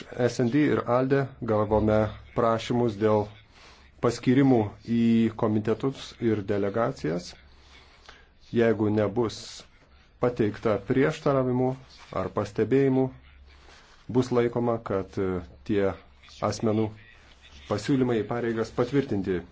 Iš SND ir ALDE gavome prašymus dėl paskirimų į komitetus ir delegacijas. Jeigu nebus pateikta prieštaravimų ar pastebėjimų, bus laikoma, kad tie asmenų pasiūlymai į pareigas patvirtinti